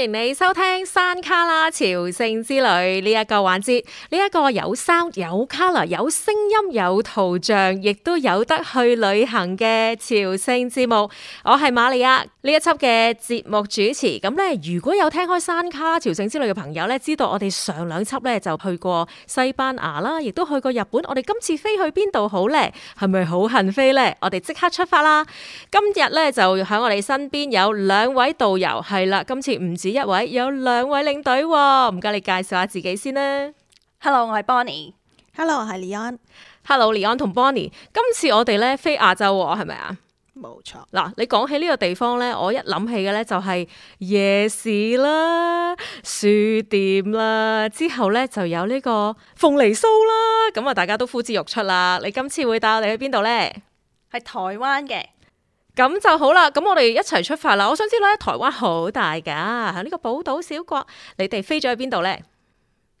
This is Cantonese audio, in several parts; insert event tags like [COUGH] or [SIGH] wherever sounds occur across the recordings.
歡迎你收聽《山旮旯朝聖之旅》呢一個環節，呢一個有聲、有旮旯、有聲音、有圖像，亦都有得去旅行嘅朝聖節目。我係瑪利亞，呢一輯嘅節目主持。咁呢，如果有聽開《山旮旯朝聖之旅》嘅朋友呢，知道我哋上兩輯呢就去過西班牙啦，亦都去過日本。我哋今次飛去邊度好呢？係咪好恨飛呢？我哋即刻出發啦！今日呢，就喺我哋身邊有兩位導遊係啦。今次唔止。一位有兩位領隊、哦，唔該，你介紹下自己先啦。Hello，我係 Bonny。Hello，我係 Leeon。Hello Leeon 同 Bonny，今次我哋咧飛亞洲係咪啊？冇錯嗱，你講起呢個地方咧，我一諗起嘅咧就係夜市啦、書店啦，之後咧就有呢個鳳梨酥啦。咁啊，大家都呼之欲出啦。你今次會帶我哋去邊度咧？係台灣嘅。咁就好啦，咁我哋一齊出發啦！我想知咧，台灣好大噶，呢個寶島小國，你哋飛咗去邊度咧？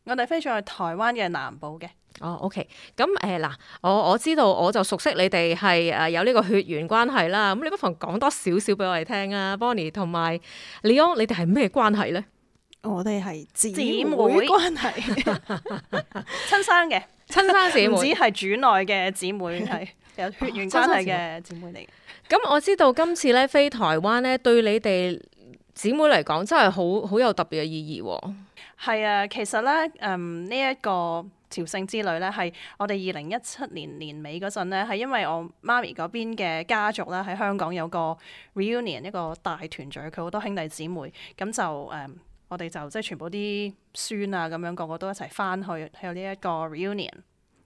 我哋飛咗去台灣嘅南部嘅。哦，OK，咁誒嗱，我我知道，我就熟悉你哋係誒有呢個血緣關係啦。咁你不妨講多少少俾我哋聽啊，Bonny 同埋 Leeon，你哋係咩關係咧？我哋係姊妹關係姊妹，親 [LAUGHS] 生嘅的，親生姊妹唔止係主內嘅姊妹係。有血緣關係嘅姐妹嚟、啊，咁 [LAUGHS] 我知道今次咧飛台灣咧，對你哋姊妹嚟講真係好好有特別嘅意義喎。係 [LAUGHS] 啊，其實咧，嗯，呢、這、一個朝聖之旅咧，係我哋二零一七年年尾嗰陣咧，係因為我媽咪嗰邊嘅家族咧，喺香港有個 reunion 一個大團聚，佢好多兄弟姊妹，咁就誒、嗯，我哋就即係全部啲孫啊咁樣，個,個個都一齊翻去去呢一個 reunion。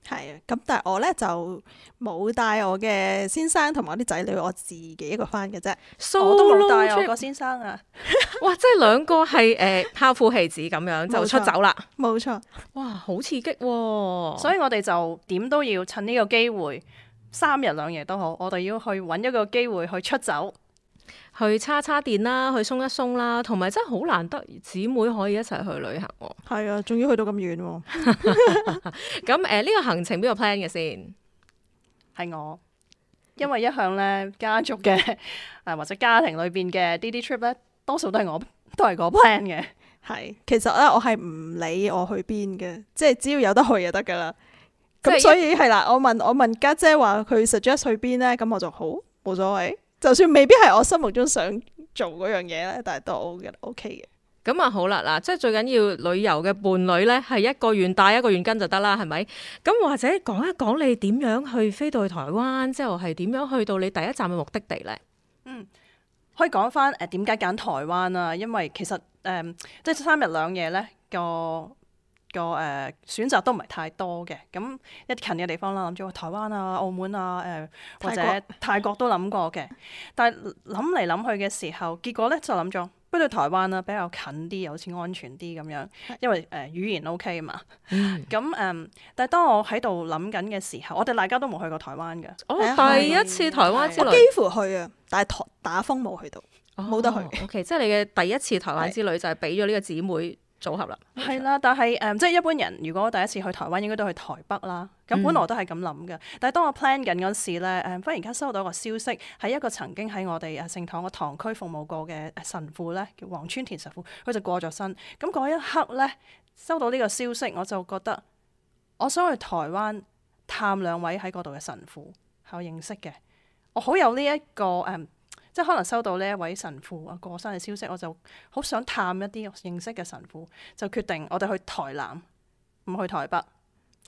係啊，咁但係我咧就冇帶我嘅先生同埋我啲仔女，我自己一個返嘅啫，so, 我都冇帶我個先生啊！ [LAUGHS] 哇，即係兩個係誒，拋、呃、夫棄子咁樣 [LAUGHS] 就出走啦！冇錯，冇錯，哇，好刺激喎，所以我哋就點都要趁呢個機會，三日兩夜都好，我哋要去揾一個機會去出走。去叉叉電啦，去鬆一鬆啦，同埋真係好難得姊妹可以一齊去旅行。係啊，仲要去到咁遠，哦。咁 [LAUGHS] 誒， [LAUGHS] 呢、呃這個行程邊個 plan 嘅先？係我，因為一向咧家族嘅誒或者家庭裏邊嘅 D D trip 咧，多數都係我都係個 plan 嘅。係，其實咧我係唔理我去邊嘅，即係只要有得去就得噶啦。咁所以係啦，我問我問家姐話佢 suggest 去邊咧，咁我就好冇所謂。就算未必係我心目中想做嗰樣嘢咧，但係都我覺得 OK 嘅。咁啊好啦，嗱，即係最緊要旅遊嘅伴侶咧，係一個願帶一個願跟就得啦，係咪？咁或者講一講你點樣去飛到去台灣之後，係點樣去到你第一站嘅目的地咧？嗯，可以講翻誒，點解揀台灣啊？因為其實誒、嗯，即係三日兩夜咧個個誒、呃、選擇都唔係太多嘅，咁一近嘅地方啦，諗咗台灣啊、澳門啊、誒、呃、國或者泰國都諗過嘅。但係諗嚟諗去嘅時候，結果咧就諗咗不如台灣啊，比較近啲，好似安全啲咁樣，因為誒、呃、語言 OK 啊嘛。咁誒、嗯，但係當我喺度諗緊嘅時候，我哋大家都冇去過台灣嘅。我、哦哎、第一次台灣之旅幾乎去啊，但係台打風冇去到，冇、哦、得去。O、okay, K，即係你嘅第一次台灣之旅就係俾咗呢個姊妹。組合啦，係啦，但係誒、嗯，即係一般人如果第一次去台灣，應該都去台北啦。咁本來我都係咁諗嘅，嗯、但係當我 plan 緊嗰時咧，誒、嗯，忽然間收到一個消息，係一個曾經喺我哋啊聖堂嘅堂區服務過嘅神父咧，叫黃川田神父，佢就過咗身。咁嗰一刻咧，收到呢個消息，我就覺得我想去台灣探兩位喺嗰度嘅神父，係我認識嘅，我好有呢、這、一個誒。嗯即係可能收到呢一位神父啊過身嘅消息，我就好想探一啲認識嘅神父，就決定我哋去台南，唔去台北。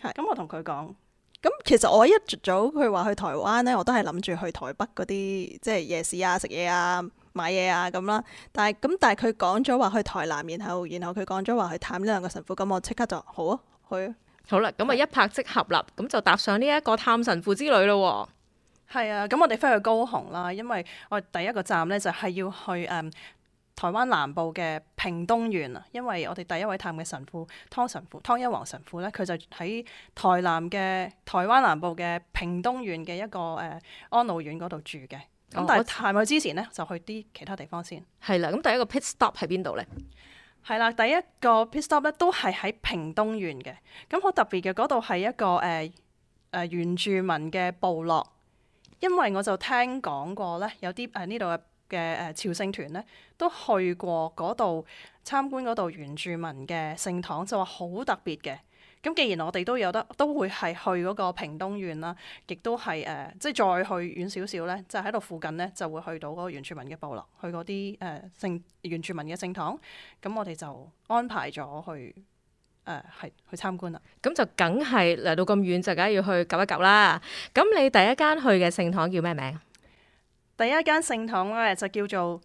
係咁是，我同佢講。咁其實我一早佢話去台灣咧，我都係諗住去台北嗰啲，即係夜市啊、食嘢啊、買嘢啊咁啦。但係咁，但係佢講咗話去台南，然後然後佢講咗話去探呢兩個神父，咁我即刻就好啊，去啊，好啦，咁啊一拍即合啦，咁是就踏上呢一個探神父之旅咯。係啊，咁我哋飛去高雄啦，因為我哋第一個站咧就係要去誒、嗯、台灣南部嘅屏東縣啊。因為我哋第一位探嘅神父湯神父湯一煌神父咧，佢就喺台南嘅台灣南部嘅屏東縣嘅一個誒、呃、安老院嗰度住嘅。咁但係我探佢之前咧，哦、就去啲其他地方先。係啦、啊，咁第一個 pit stop 喺邊度咧？係啦、啊，第一個 pit stop 咧都係喺屏東縣嘅。咁好特別嘅嗰度係一個誒誒、呃呃、原住民嘅部落。因為我就聽講過咧，有啲誒呢度嘅嘅誒朝聖團咧，都去過嗰度參觀嗰度原住民嘅聖堂，就話好特別嘅。咁既然我哋都有得，都會係去嗰個屏東縣啦，亦都係誒、呃，即係再去遠少少咧，就喺度附近咧就會去到嗰個原住民嘅部落，去嗰啲誒聖原住民嘅聖堂。咁我哋就安排咗去。誒係、嗯、去參觀啦，咁就梗係嚟到咁遠就梗係要去攪一攪啦。咁你第一間去嘅聖堂叫咩名？第一間聖堂咧就叫做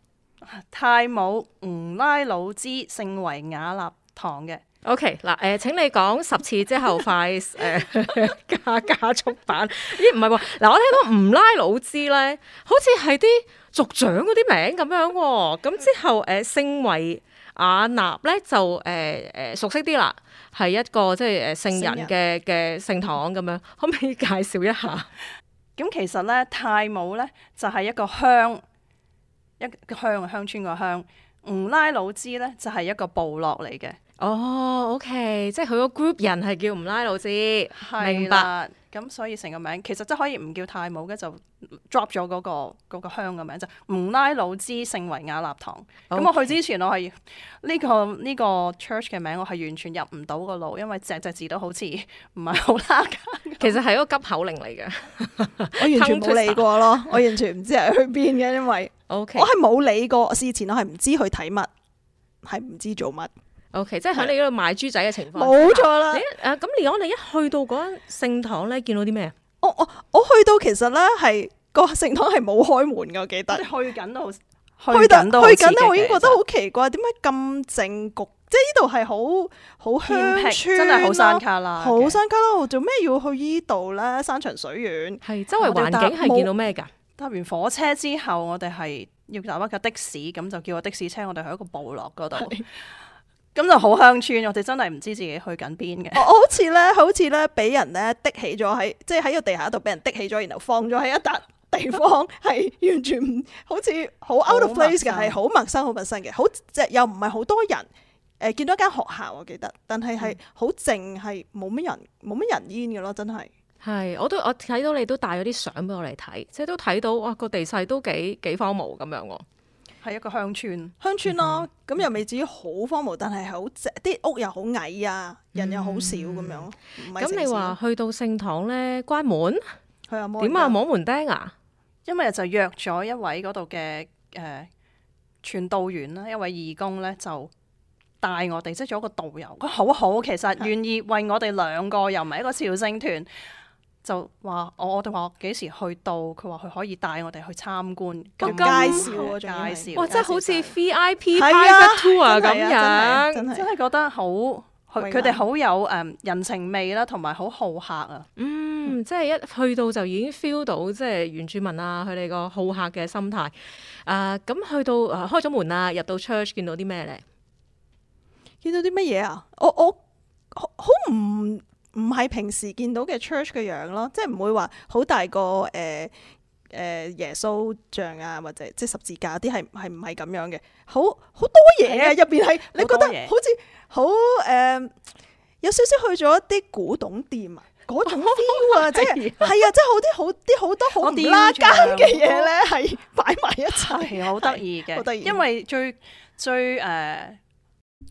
泰姆吾拉魯滋聖維雅納堂嘅。O K 嗱誒，請你講十次之後快誒 [LAUGHS] 加加速版。咦唔係喎，嗱、啊、我聽到吾拉魯滋咧，好似係啲族長嗰啲名咁樣。咁之後誒聖、呃、維雅納咧就誒誒、呃呃、熟悉啲啦，係一個即係誒聖人嘅嘅聖堂咁樣，可唔可以介紹一下？咁 [LAUGHS] 其實咧泰武咧就係一個鄉，一個鄉，鄉村個鄉，吾拉魯滋咧就係一個部落嚟嘅。哦、oh，OK，即係佢個 group 人係叫吾拉魯滋，明白。咁所以成個名其實真可以唔叫泰武嘅，就 drop 咗嗰、那個嗰嘅、那個鄉嘅名，就吾、是、拉魯滋聖維雅納堂。咁 Okay. 我去之前我，我係呢個呢、這個 church 嘅名，我係完全入唔到個路，因為隻隻字都好似唔係好拉筋。其實係一個急口令嚟嘅， [LAUGHS] 我完全冇理過咯， [LAUGHS] [LAUGHS] 我完全唔知係去邊嘅，因為我係冇理過。事 Okay. 前我係唔知去睇乜，係唔知做乜。O、okay, K，即係喺你嗰度賣豬仔嘅情況，冇錯啦。誒、啊，咁你我、啊、你一去到嗰個聖堂咧，見到啲咩啊？我我我去到其實咧係、嗰個聖堂係冇開門嘅，我記得我去緊都好，去緊到都去緊都，我已經覺得好奇怪，點解咁靜局？即係呢度係好好鄉村，真係好山旮旯，好山旮旯，做咩 okay. 要去呢度咧？山長水遠，係周圍環境係見到咩噶、啊？搭完火車之後，我哋係要打一架的士，咁就叫個的士車，我哋去一個部落嗰度。 [LAUGHS] 咁就好鄉村，我哋真係唔知自己去緊邊嘅。 [LAUGHS] [MUSIC] 我好似咧，好似咧俾人咧的起咗喺，即係喺個地下度俾人的起咗，然後放咗喺一笪地方，係 [LAUGHS] 完全唔好似好 out of place 嘅，係好陌,陌生、好陌生嘅。好即又唔係好多人。誒、呃，見到一間學校我記得，但係係好靜，係冇乜人，冇乜人煙嘅咯，真係。係，我都我睇到你都帶咗啲相俾我嚟睇，即係都睇到哇個地勢都幾幾荒蕪咁樣喎。係一個鄉村，鄉村咯、啊，咁、嗯、哼又未至於好荒蕪，但係好值，啲屋又好矮啊，嗯、哼人又好少咁樣。咁、嗯、哼你話去到聖堂咧，關門，點啊？摸門釘啊！因為就約咗一位嗰度嘅誒傳道員啦，一位義工咧就帶我哋，即、就、係、是、做一個導遊，佢好好，其實願意為我哋兩個，的又唔係一個朝聖團。就話我我哋話幾時去到，佢話佢可以帶我哋去參觀，哦嗯、咁介紹介紹，哇！真係好似 VIP、啊、tour 咁樣，真係、啊、覺得好佢哋好有誒人情味啦，同埋好好客啊！嗯，嗯即係一去到就已經 feel 到即係、就是、原住民啊，佢哋個好客嘅心態。誒、啊，咁去到誒、啊、開咗門啊，入到 church 見到啲咩咧？見到啲乜嘢啊？我我，我好唔～好好好、嗯唔係平時見到嘅 church 嘅樣咯，即係唔會話好大個誒誒、呃呃、耶穌像啊，或者即、即係、十字架啲係係唔係咁樣嘅，好好多嘢啊，入邊係你覺得好似好誒、呃、有少少去咗一啲古董店東啊，嗰種 feel 啊，即係係啊，即係好啲好啲好多好唔啦更嘅嘢咧，係擺埋一齊，好得意嘅，好得意因為最最誒。最最呃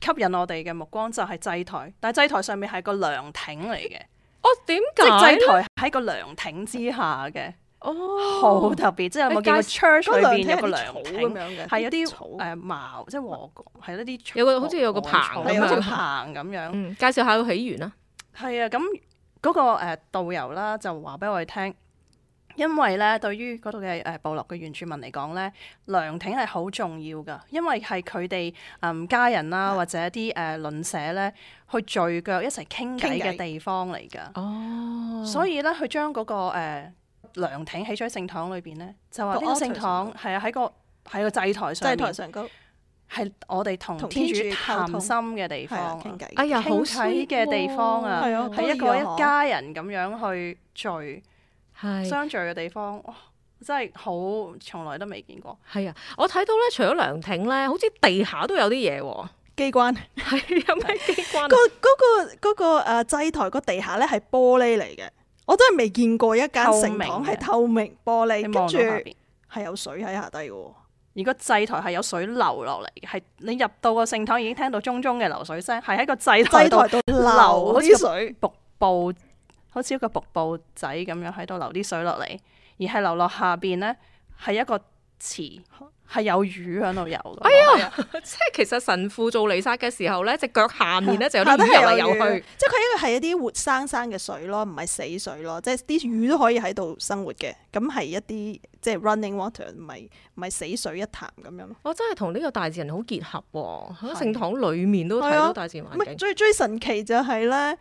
吸引我哋嘅目光就係祭台，但係祭台上面係個涼亭嚟嘅。哦，點解？祭台喺個涼亭之下嘅，哦，好特別。即係有冇個 c h u 裏邊有個涼亭咁樣嘅，係有啲草誒茅，即係禾谷，係一啲有個好似有個棚，有條棚咁樣。介紹下個起源啦。係啊，咁嗰個誒導遊啦，就話俾我哋聽。因為咧，對於嗰度嘅誒部落嘅原住民嚟講咧，涼亭係好重要噶，因為係佢哋嗯家人啦，或者一啲誒鄰舍咧，去聚腳一齊傾偈嘅地方嚟噶。哦天，所以咧，佢將嗰個誒涼亭起咗喺聖堂裏邊咧，就話呢個聖堂係啊喺個喺個祭台上，祭台上高係我哋同天主談心嘅地方，傾偈天，傾偈嘅地方啊，係、哎哦、一個一家人咁樣去聚。相聚嘅地方，真係好，從來都未見過。係啊，我睇到咧，除咗涼亭咧，好似地下都有啲嘢。機關？係，有咩機關？個嗰個誒祭台個地下咧係玻璃嚟嘅，我都係未見過一間聖堂係透明玻璃，跟住係有水喺下低嘅，而個祭台係有水流落嚟嘅，係你入到個聖堂已經聽到中中嘅流水聲，係喺個祭台度流啲水瀑布。好似一個瀑布仔咁樣喺度流啲水落嚟，而係流落下邊咧，係一個池，係有魚喺度游。哎呀，即係其實神父做彌撒嘅時候咧，隻腳下面咧就有啲魚游嚟游去。即係佢呢個係一啲活生生嘅水咯，唔係死水咯。即係啲魚都可以喺度生活嘅。咁係一啲即係 running water，唔係唔係死水一潭咁樣。我真係同呢個大自然好結合喎！喺聖堂、啊、堂裏面都睇到大自然環境。最最神奇就係咧。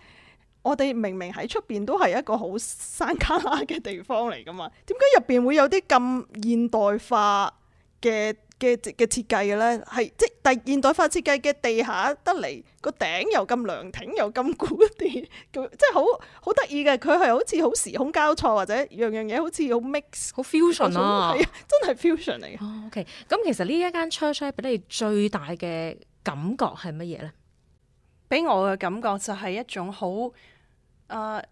我哋明明喺出邊都係一個好山卡拉嘅地方嚟噶嘛，點解入邊會有啲咁現代化嘅嘅嘅設計嘅咧？係即係現代化設計嘅地下得嚟個頂又咁涼亭又咁古典，咁即係好好得意嘅。佢係好似好時空交錯，或者樣樣嘢好似好 mix、好 fusion 啊，真係 fusion 嚟嘅。Oh, OK，咁其實呢一間 church 俾你最大嘅感覺係乜嘢咧？俾我嘅感覺就係一種好。啊，uh,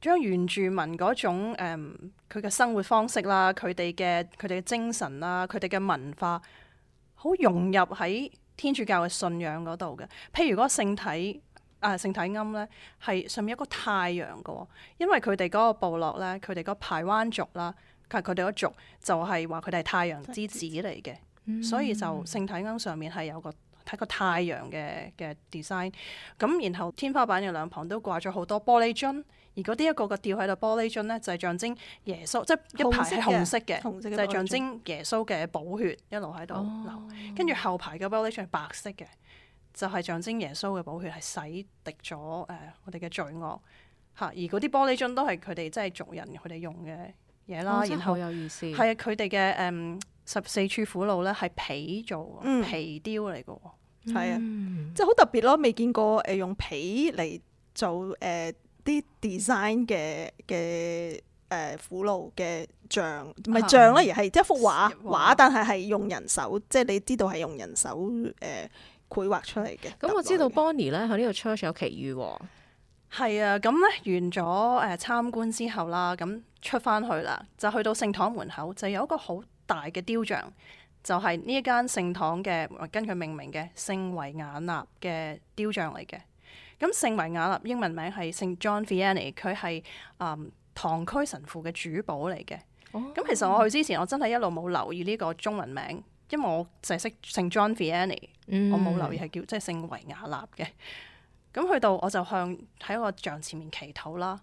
將原住民嗰種佢嘅、嗯、生活方式啦，佢哋嘅佢哋嘅精神啦，佢哋嘅文化，好融入喺天主教嘅信仰嗰度嘅。譬如嗰個聖體啊，聖體龕咧，係上面一個太陽嘅，因為佢哋嗰個部落咧，佢哋嗰排灣族啦，佢哋嗰族就係話佢哋係太陽之子嚟嘅，嗯、所以就聖體龕上面係有個。睇個太陽嘅嘅 design，咁然後天花板嘅兩旁都掛咗好多玻璃樽，而嗰啲一個個吊喺度玻璃樽咧就係、是、象徵耶穌，即係一排係紅色嘅，色就係象徵耶穌嘅寶血一路喺度流。跟住、哦、後排嘅玻璃樽係白色嘅，就係、是、象徵耶穌嘅寶血係洗滌咗誒我哋嘅罪惡嚇。而嗰啲玻璃樽都係佢哋即係族人佢哋用嘅嘢啦，哦、有意思，然後係佢哋嘅誒。嗯十四處苦路咧係皮做，嗯、皮雕嚟嘅，係啊、嗯，即係好特別咯，未見過誒用皮嚟做誒啲、呃、design 嘅嘅誒苦路嘅像，唔係像啦，呃嗯、而係一幅畫畫，但係係用人手，嗯、即係你知道係用人手誒、呃、繪畫出嚟嘅。咁、嗯、我知道 Bonny 咧喺呢度 church 有奇遇，係啊，咁咧完咗誒參觀之後啦，咁出翻去啦，就去到聖堂門，門口就有一個好。大嘅雕像就係、是、呢一間聖堂嘅，跟佢命名嘅聖維雅納嘅雕像嚟嘅。咁聖維雅納英文名係聖 John Vianney，佢係啊、嗯、堂區神父嘅主保嚟嘅。咁、哦、其實我去之前，我真係一路冇留意呢個中文名，因為我淨係識聖 John Vianney，、嗯、我冇留意係叫即係聖維雅納嘅。咁去到我就向喺個像前面祈禱啦。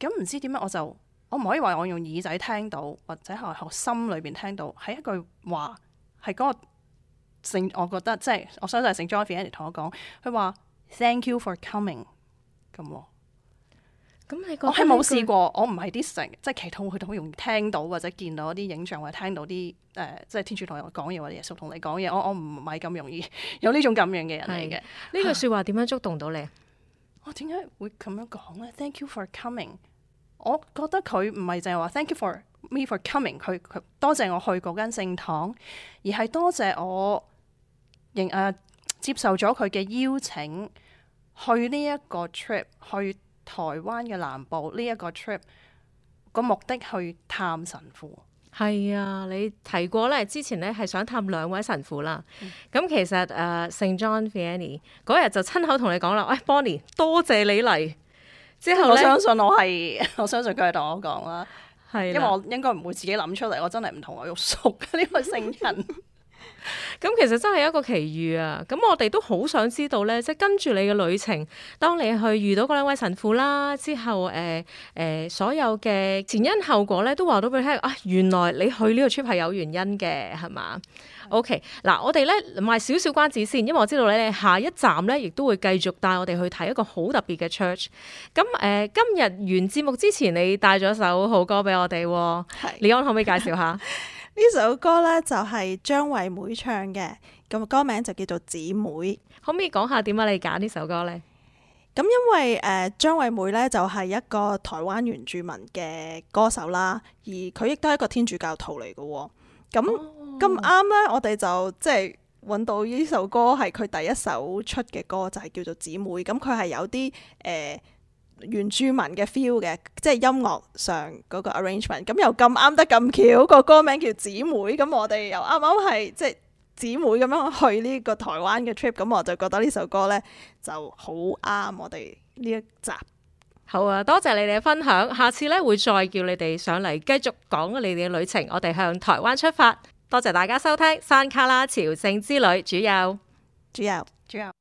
咁唔知點解我就。我唔可以話我用耳仔聽到，或者係我心裏邊聽到，係一句話，係嗰、那個聖。我覺得即係我相信係聖 John 嘅人同我講，佢話 Thank you for coming 咁。咁你我係冇試過，我唔係啲成，即係祈禱，我佢好容易聽到或者見到啲影像，或者聽到啲誒、呃，即係天主同你講嘢，或者耶穌同你講嘢。我我唔係咁容易 [LAUGHS] 有呢種感應嘅人嚟嘅。呢是、啊、句說話點樣觸動到你？我點解會咁樣講咧？Thank you for coming。我覺得佢唔係淨係話，thank you for me for coming，佢佢多謝我去嗰間聖堂，而係多謝我認誒、啊、接受咗佢嘅邀請去呢一個 trip，去台灣嘅南部呢一個 trip 個目的去探神父。係啊，你提過咧，之前咧係想探兩位神父啦。咁、嗯、其實誒、uh, Saint John Vianney 嗰日就親口同你講啦，誒、哎、Bonnie，多謝你嚟。之後我相信我係， [LAUGHS] 我相信佢係同我講啦，係的，因為我應該唔會自己諗出嚟，我真係唔同我熟呢、呢個聖人。 [LAUGHS] 咁 [LAUGHS] 其實真係一個奇遇啊！咁我哋都好想知道咧，即、就、係、是、跟住你嘅旅程，當你去遇到嗰兩位神父啦之後，誒、呃、誒、呃，所有嘅前因後果咧都話到俾你聽啊！原來你去呢個 trip 係有原因嘅，係嘛 [LAUGHS] ？OK，嗱，我哋咧賣少少關子先，因為我知道咧你下一站咧亦都會繼續帶我哋去睇一個好特別嘅 church。咁、嗯、誒、呃，今日完節目之前，你帶咗首好歌俾我哋、啊，李安可唔可以介紹下？ [LAUGHS] 呢首歌咧就係、是、張惠妹唱嘅，咁個歌名就叫做姊妹。可唔可以講下點解你揀呢首歌呢？咁因為誒、呃、張惠妹咧就係一個台灣原住民嘅歌手啦，而佢亦都係一個天主教徒嚟嘅。咁咁啱咧，我哋就即係揾到呢首歌係佢第一首出嘅歌，就係、是、叫做姊妹。咁佢係有啲誒。呃原住民嘅 feel 嘅，即係音樂上嗰個 arrangement，咁又咁啱得咁巧，個歌名叫姊妹，咁我哋又啱啱係即係姊妹咁樣去呢個台灣嘅 trip，咁我就覺得呢首歌呢就好啱我哋呢一集。好啊，多謝你哋嘅分享，下次呢會再叫你哋上嚟繼續講你哋嘅旅程，我哋向台灣出發。多謝大家收聽《山旮旯朝聖之旅》，主佑，主佑，主佑。